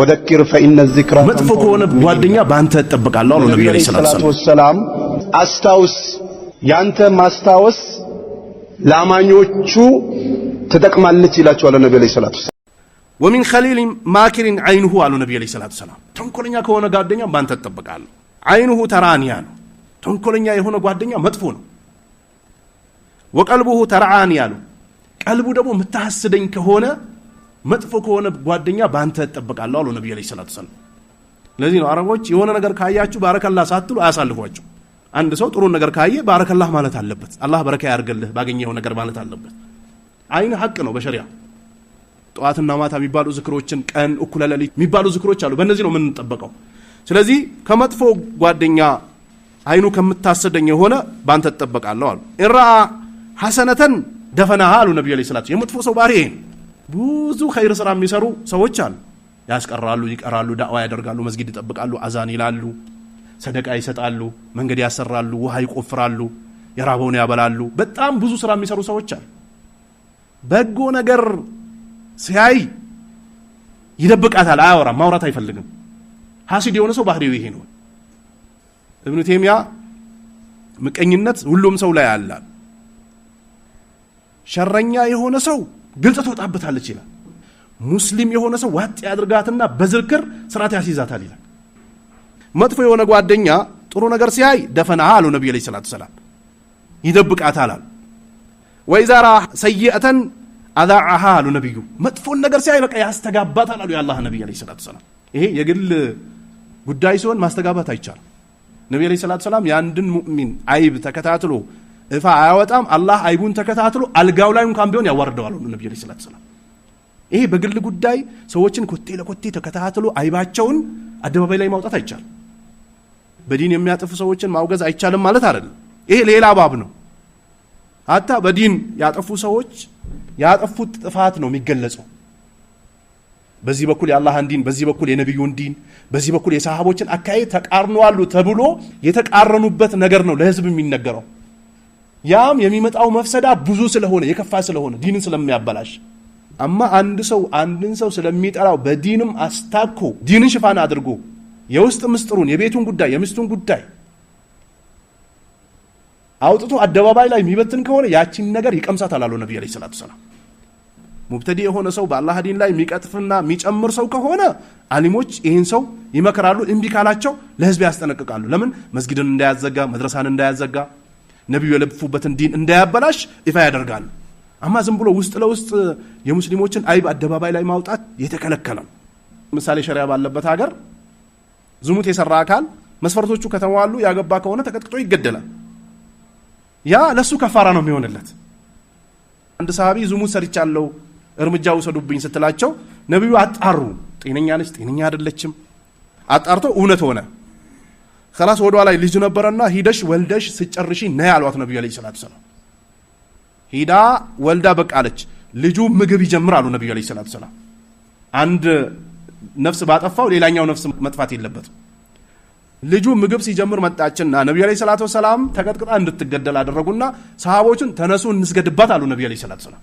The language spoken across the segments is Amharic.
ወደቂር ፈኢነ ዚክራ መጥፎ ከሆነ ጓደኛ በአንተ እጠብቃለሁ አሉ ነብዩ አለይሂ ሰላቱ ወሰላም። አስታውስ፣ ያንተ ማስታወስ ለአማኞቹ ትጠቅማለች ይላቸዋል አለ አለይሂ ሰላቱ ወሰላም። ወሚን ኸሊል ማኪሪን ዐይኑሁ አሉ ነብዩ አለይሂ ሰላቱ ወሰላም። ተንኮለኛ ከሆነ ጓደኛ በአንተ እጠብቃለሁ። ዐይኑሁ ተራኒያ ነው። ተንኮለኛ የሆነ ጓደኛ መጥፎ ነው። ወቀልቡሁ ተርዓኒ አሉ ቀልቡ ደግሞ የምታሐስደኝ ከሆነ መጥፎ ከሆነ ጓደኛ በአንተ እጠበቃለሁ አሉ ነቢዩ ዐለይሂ ሰላቱ ሰላም። ለዚህ ነው አረቦች የሆነ ነገር ካያችሁ ባረከላህ ሳትሉ አያሳልፏቸው። አንድ ሰው ጥሩን ነገር ካየ ባረከላህ ማለት አለበት። አላህ በረካ ያርግልህ ባገኘኸው ነገር ማለት አለበት። አይን ሀቅ ነው በሸሪያ ጠዋትና ማታ የሚባሉ ዝክሮችን፣ ቀን እኩለ ሌሊት የሚባሉ ዝክሮች አሉ። በእነዚህ ነው የምንጠበቀው። ስለዚህ ከመጥፎ ጓደኛ አይኑ ከምታሰደኝ የሆነ ባንተ ትጠበቃለሁ አሉ። ኢራአ ሐሰነተን ደፈናሃ አሉ ነቢዩ ዐለይሂ ሰላቱ የመጥፎ ሰው ባህሪ ይሄን ብዙ ኸይር ስራ የሚሰሩ ሰዎች አሉ። ያስቀራሉ፣ ይቀራሉ፣ ዳዕዋ ያደርጋሉ፣ መስጊድ ይጠብቃሉ፣ አዛን ይላሉ፣ ሰደቃ ይሰጣሉ፣ መንገድ ያሰራሉ፣ ውሃ ይቆፍራሉ፣ የራበውን ያበላሉ። በጣም ብዙ ስራ የሚሰሩ ሰዎች አሉ። በጎ ነገር ሲያይ ይደብቃታል፣ አያወራም፣ ማውራት አይፈልግም። ሀሲድ የሆነ ሰው ባህሪው ይሄ ነው። እብኑ ቴሚያ ምቀኝነት ሁሉም ሰው ላይ አላል። ሸረኛ የሆነ ሰው ግልጽ ትወጣበታለች ይላል። ሙስሊም የሆነ ሰው ዋጥ ያድርጋትና በዝርክር ስርዓት ያስይዛታል ይላል። መጥፎ የሆነ ጓደኛ ጥሩ ነገር ሲያይ ደፈና አሉ ነቢ ለ ሰላት ሰላም ይደብቃታል አሉ። ወይዛራ ሰይአተን አዛዓሃ አሉ ነቢዩ። መጥፎን ነገር ሲያይ በቃ ያስተጋባታል አሉ የአላህ ነቢይ ለ ሰላት ሰላም። ይሄ የግል ጉዳይ ሲሆን ማስተጋባት አይቻልም። ነቢ ለ ሰላት ሰላም የአንድን ሙእሚን አይብ ተከታትሎ እፋ አያወጣም። አላህ አይቡን ተከታትሎ አልጋው ላይ እንኳን ቢሆን ያዋርደዋል ሁሉ ነቢዩ ላ ሰላም። ይሄ በግል ጉዳይ ሰዎችን ኮቴ ለኮቴ ተከታትሎ አይባቸውን አደባባይ ላይ ማውጣት አይቻልም። በዲን የሚያጥፉ ሰዎችን ማውገዝ አይቻልም ማለት አይደለም። ይሄ ሌላ ባብ ነው። አታ በዲን ያጠፉ ሰዎች ያጠፉት ጥፋት ነው የሚገለጸው። በዚህ በኩል የአላህን ዲን፣ በዚህ በኩል የነቢዩን ዲን፣ በዚህ በኩል የሰሃቦችን አካሄድ ተቃርነዋሉ ተብሎ የተቃረኑበት ነገር ነው ለህዝብ የሚነገረው። ያም የሚመጣው መፍሰዳ ብዙ ስለሆነ የከፋ ስለሆነ ዲንን ስለሚያበላሽ አማ አንድ ሰው አንድን ሰው ስለሚጠራው በዲንም አስታኮ ዲንን ሽፋን አድርጎ የውስጥ ምስጢሩን የቤቱን ጉዳይ የሚስቱን ጉዳይ አውጥቶ አደባባይ ላይ የሚበትን ከሆነ ያቺን ነገር ይቀምሳት አሉ ነቢ ለ ሰላቱ ሰላም። ሙብተዲ የሆነ ሰው በአላህ ዲን ላይ የሚቀጥፍና የሚጨምር ሰው ከሆነ አሊሞች ይህን ሰው ይመክራሉ። እምቢ ካላቸው ለህዝብ ያስጠነቅቃሉ። ለምን መስጊድን እንዳያዘጋ፣ መድረሳን እንዳያዘጋ ነቢዩ የለብፉበትን ዲን እንዳያበላሽ ይፋ ያደርጋሉ። አማ ዝም ብሎ ውስጥ ለውስጥ የሙስሊሞችን አይብ አደባባይ ላይ ማውጣት የተከለከለ ነው። ምሳሌ ሸሪያ ባለበት ሀገር ዝሙት የሰራ አካል መስፈርቶቹ ከተሟሉ ያገባ ከሆነ ተቀጥቅጦ ይገደላል። ያ ለእሱ ከፋራ ነው የሚሆንለት። አንድ ሰሃቢ ዝሙት ሰርቻለሁ እርምጃ ውሰዱብኝ ስትላቸው ነቢዩ አጣሩ። ጤነኛ ነች፣ ጤነኛ አይደለችም። አጣርቶ እውነት ሆነ። ከላስ ወዷ ላይ ልጅ ነበረና ሂደሽ ወልደሽ ስጨርሺ ነይ አሏት ነቢዩ ዓለይሂ ሰላቱ ሰላም። ሂዳ ወልዳ በቃ አለች። ልጁ ምግብ ይጀምር አሉ ነቢዩ ዓለይሂ ሰላቱ ሰላም። አንድ ነፍስ ባጠፋው ሌላኛው ነፍስ መጥፋት የለበትም። ልጁ ምግብ ሲጀምር መጣችና ነቢዩ ዓለይሂ ሰላቱ ሰላም ተቀጥቅጣ እንድትገደል አደረጉና ሰሃቦችን ተነሱ እንስገድባት አሉ ነቢዩ ዓለይሂ ሰላቱ ሰላም።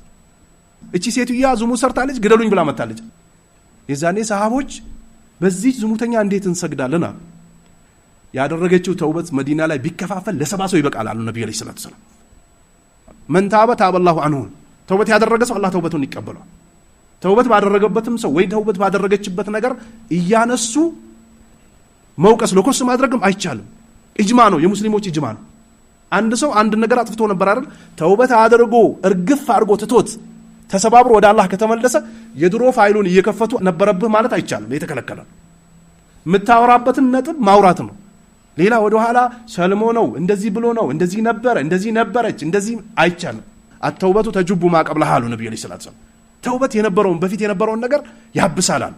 እቺ ሴትዮዋ ዝሙት ሰርታለች ግደሉኝ ብላ መታለች። የዛኔ ሰሃቦች በዚህ ዝሙተኛ እንዴት እንሰግዳለን አሉ ያደረገችው ተውበት መዲና ላይ ቢከፋፈል ለሰባ ሰው ይበቃል አሉ ነቢዩ ዐለይሂ ሰላቱ ሰላም። መን ታበ ላሁ አንሁን ተውበት ያደረገ ሰው አላህ ተውበቱን ይቀበሏል። ተውበት ባደረገበትም ሰው ወይ ተውበት ባደረገችበት ነገር እያነሱ መውቀስ ለኮስ ማድረግም አይቻልም። እጅማ ነው፣ የሙስሊሞች እጅማ ነው። አንድ ሰው አንድ ነገር አጥፍቶ ነበር አይደል? ተውበት አድርጎ እርግፍ አድርጎ ትቶት ተሰባብሮ ወደ አላህ ከተመለሰ የድሮ ፋይሉን እየከፈቱ ነበረብህ ማለት አይቻልም። የተከለከለ የምታወራበትን ነጥብ ማውራት ነው። ሌላ ወደ ኋላ ሰልሞ ነው እንደዚህ ብሎ ነው እንደዚህ ነበረ እንደዚህ ነበረች እንደዚህ አይቻልም። አተውበቱ ተጁቡ ማቀብላህ ነቢዩ ዐለይሂ ሰላቱ ወሰላም። ተውበት የነበረውን በፊት የነበረውን ነገር ያብሳላል።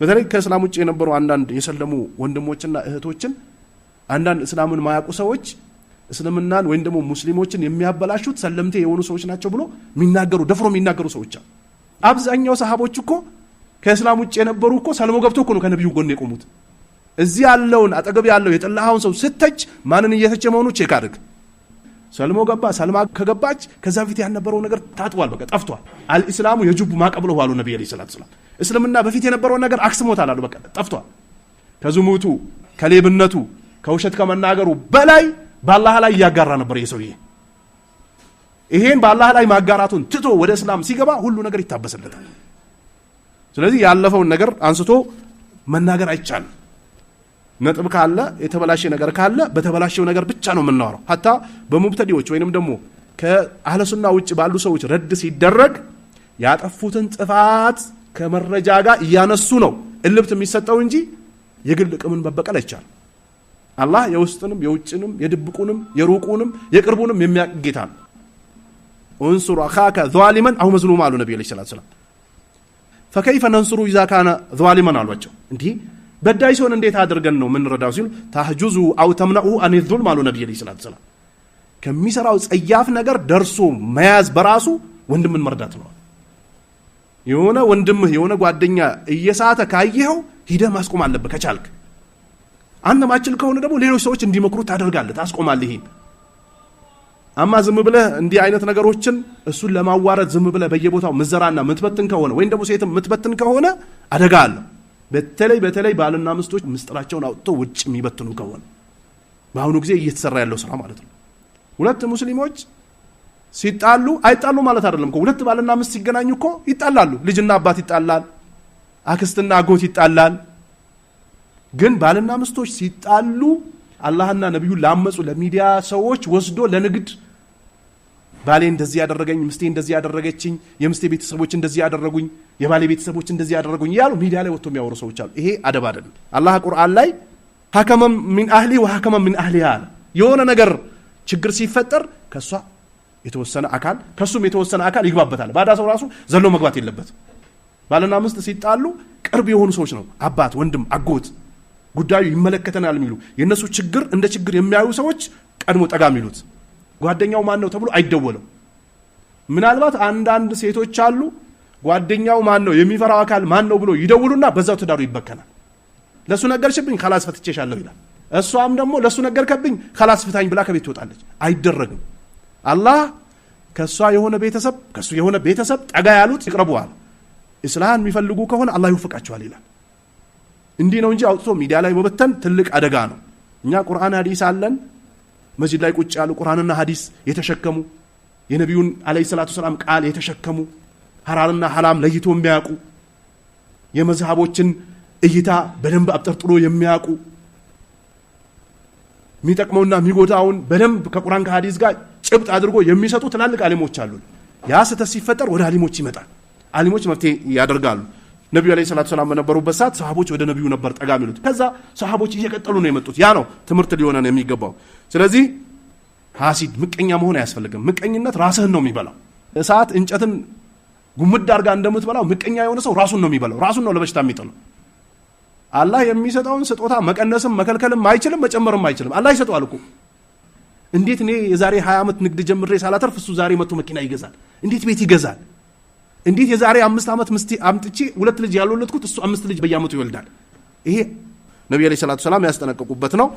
በተለይ ከእስላም ውጭ የነበሩ አንዳንድ የሰለሙ ወንድሞችና እህቶችን አንዳንድ እስላምን ማያውቁ ሰዎች እስልምናን ወይም ደግሞ ሙስሊሞችን የሚያበላሹት ሰለምቴ የሆኑ ሰዎች ናቸው ብሎ የሚናገሩ ደፍሮ የሚናገሩ ሰዎች አሉ። አብዛኛው ሰሃቦች እኮ ከእስላም ውጭ የነበሩ እኮ ሰልሞ ገብቶ እኮ ነው ከነቢዩ ጎን የቆሙት። እዚህ ያለውን አጠገብ ያለው የጠላኸውን ሰው ስተች ማንን እየተቸ መሆኑ ቼክ አድርግ። ሰልሞ ገባ። ሰልማ ከገባች ከዛ ፊት ያልነበረው ነገር ታጥቧል፣ በቃ ጠፍቷል። አልእስላሙ የጁቡ ማቀብለሁ አሉ ነቢ ዐለይሂ ሰላቱ ሰላም። እስልምና በፊት የነበረውን ነገር አክስሞታል አሉ፣ በቃ ጠፍቷል። ከዝሙቱ ከሌብነቱ ከውሸት ከመናገሩ በላይ በአላህ ላይ እያጋራ ነበር ይህ ሰውዬ። ይሄን በአላህ ላይ ማጋራቱን ትቶ ወደ እስላም ሲገባ ሁሉ ነገር ይታበስለታል። ስለዚህ ያለፈውን ነገር አንስቶ መናገር አይቻልም። ነጥብ ካለ የተበላሸ ነገር ካለ በተበላሸው ነገር ብቻ ነው የምናወራው። ሀታ በሙብተዲዎች ወይንም ደግሞ ከአህለሱና ውጭ ባሉ ሰዎች ረድ ሲደረግ ያጠፉትን ጥፋት ከመረጃ ጋር እያነሱ ነው እልብት የሚሰጠው እንጂ የግል ቅምን መበቀል አይቻል። አላህ የውስጥንም የውጭንም የድብቁንም የሩቁንም የቅርቡንም የሚያቅ ጌታ ነው። እንሱር አካከ ዛሊመን አሁ መዝሉማ አሉ ነቢ ለ ስላት ሰላም። ፈከይፈ ነንሱሩ ኢዛ ካነ ዛሊመን አሏቸው እንዲህ በዳይ ሲሆን እንዴት አድርገን ነው ምንረዳው ሲሉ ታህጁዙ አው ተምናኡ አን ዙልም አሉ ነቢ ዐለይሂ ስላት ሰላም ከሚሰራው ጸያፍ ነገር ደርሶ መያዝ በራሱ ወንድምን መርዳት ነው። የሆነ ወንድምህ የሆነ ጓደኛ እየሳተ ካየኸው ሂደህ ማስቆም አለብህ ከቻልክ። አንተ ማችል ከሆነ ደግሞ ሌሎች ሰዎች እንዲመክሩ ታደርጋለህ፣ ታስቆማለህ። ይሄን አማ ዝም ብለህ እንዲህ አይነት ነገሮችን እሱን ለማዋረድ ዝም ብለህ በየቦታው ምዘራና ምትበትን ከሆነ ወይም ደግሞ ሴትም ምትበትን ከሆነ አደጋ አለው። በተለይ በተለይ ባልና ምስቶች ምስጢራቸውን አውጥቶ ውጭ የሚበትኑ ከሆነ በአሁኑ ጊዜ እየተሰራ ያለው ስራ ማለት ነው። ሁለት ሙስሊሞች ሲጣሉ አይጣሉ ማለት አይደለም እኮ ሁለት ባልና ምስት ሲገናኙ እኮ ይጣላሉ። ልጅና አባት ይጣላል፣ አክስትና አጎት ይጣላል። ግን ባልና ምስቶች ሲጣሉ አላህና ነቢዩን ላመፁ ለሚዲያ ሰዎች ወስዶ ለንግድ ባሌ እንደዚህ ያደረገኝ፣ ምስቴ እንደዚህ ያደረገችኝ፣ የምስቴ ቤተሰቦች እንደዚህ ያደረጉኝ፣ የባሌ ቤተሰቦች እንደዚህ ያደረጉኝ እያሉ ሚዲያ ላይ ወጥቶ የሚያወሩ ሰዎች አሉ። ይሄ አደብ አይደለም። አላህ ቁርአን ላይ ሀከመም ሚን አህሊ ወሀከመም ሚን አህሊ አለ። የሆነ ነገር ችግር ሲፈጠር ከእሷ የተወሰነ አካል ከእሱም የተወሰነ አካል ይግባበታል። ባዳ ሰው ራሱ ዘሎ መግባት የለበት። ባልና ምስት ሲጣሉ ቅርብ የሆኑ ሰዎች ነው፣ አባት፣ ወንድም፣ አጎት፣ ጉዳዩ ይመለከተናል የሚሉ የእነሱ ችግር እንደ ችግር የሚያዩ ሰዎች ቀድሞ ጠጋ የሚሉት ጓደኛው ማን ነው ተብሎ አይደወልም። ምናልባት አንዳንድ ሴቶች አሉ ጓደኛው ማን ነው የሚፈራው አካል ማን ነው ብሎ ይደውሉና በዛው ትዳሩ ይበከናል። ለእሱ ነገርሽብኝ ከላስ ፈትቼሻለሁ ይላል። እሷም ደግሞ ለእሱ ነገርከብኝ ከላስ ፍታኝ ብላ ከቤት ትወጣለች። አይደረግም። አላህ ከእሷ የሆነ ቤተሰብ ከእሱ የሆነ ቤተሰብ ጠጋ ያሉት ይቅረቡዋል። እስላህን የሚፈልጉ ከሆነ አላህ ይወፍቃቸዋል ይላል። እንዲህ ነው እንጂ አውጥቶ ሚዲያ ላይ መበተን ትልቅ አደጋ ነው። እኛ ቁርአን ሀዲስ አለን። መስጅድ ላይ ቁጭ ያሉ ቁርአንና ሀዲስ የተሸከሙ የነቢዩን አለይ ሰላቱ ሰላም ቃል የተሸከሙ ሐራልና ሐላም ለይቶ የሚያውቁ የመዝሃቦችን እይታ በደንብ አብጠርጥሎ የሚያውቁ የሚጠቅመውና የሚጎዳውን በደንብ ከቁርአን ከሀዲስ ጋር ጭብጥ አድርጎ የሚሰጡ ትላልቅ አሊሞች አሉ። ያ ስህተት ሲፈጠር ወደ አሊሞች ይመጣል። አሊሞች መፍትሄ ያደርጋሉ። ነቢዩ አለይሂ ሰላቱ ሰላም በነበሩበት ሰዓት ሰሃቦች ወደ ነቢዩ ነበር ጠጋ የሚሉት። ከዛ ሰሃቦች እየቀጠሉ ነው የመጡት። ያ ነው ትምህርት ነው የሚገባው። ስለዚህ ሀሲድ ምቀኛ መሆን አያስፈልግም። ምቀኝነት ራስህን ነው የሚበላው። እሳት እንጨትን ጉምድ አርጋ እንደምትበላው ምቀኛ የሆነ ሰው ራሱን ነው የሚበላው። ራሱን ነው ለበሽታ የሚጥለው። አላህ የሚሰጠውን ስጦታ መቀነስም መከልከልም አይችልም፣ መጨመርም አይችልም። አላህ ይሰጠዋል እኮ እንዴት እኔ የዛሬ 20 ዓመት ንግድ ጀምሬ ሳላተርፍ እሱ ዛሬ መቶ መኪና ይገዛል? እንዴት ቤት ይገዛል? እንዴት የዛሬ አምስት ዓመት ምስቲ አምጥቼ ሁለት ልጅ ያልወለድኩት እሱ አምስት ልጅ በየአመቱ ይወልዳል? ይሄ ነቢ ዓለይሂ ሰላቱ ሰላም ያስጠነቀቁበት ነው።